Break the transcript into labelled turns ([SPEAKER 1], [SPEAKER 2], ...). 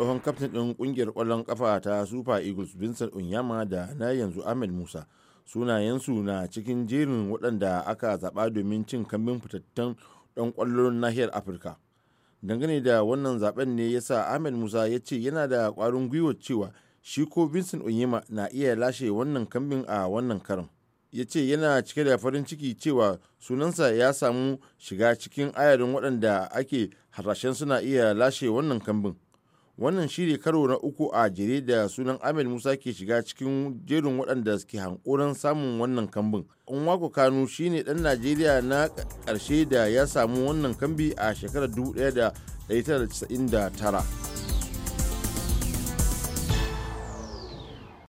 [SPEAKER 1] tsohon kaftin ɗin kungiyar kwallon kafa ta super eagles vincent unyama da na yanzu ahmed musa sunayensu na cikin jerin waɗanda aka zaɓa domin cin kambin fitattun ɗan kwallon nahiyar afirka dangane da wannan zaben ne yasa ahmed musa ya ce yana da kwarin gwiwar cewa shi ko vincent onyema na iya lashe wannan kambin a wannan karin ya ce yana cike da farin ciki cewa sunansa ya samu shiga cikin ayarin waɗanda ake harashen suna iya lashe wannan kambin wannan shine karo na uku a jere da sunan ahmed musa ke shiga cikin jerin waɗanda suke hankoran samun wannan kambin unwako kanu shine ɗan najeriya na ƙarshe da ya samu wannan kambi a shekarar 1999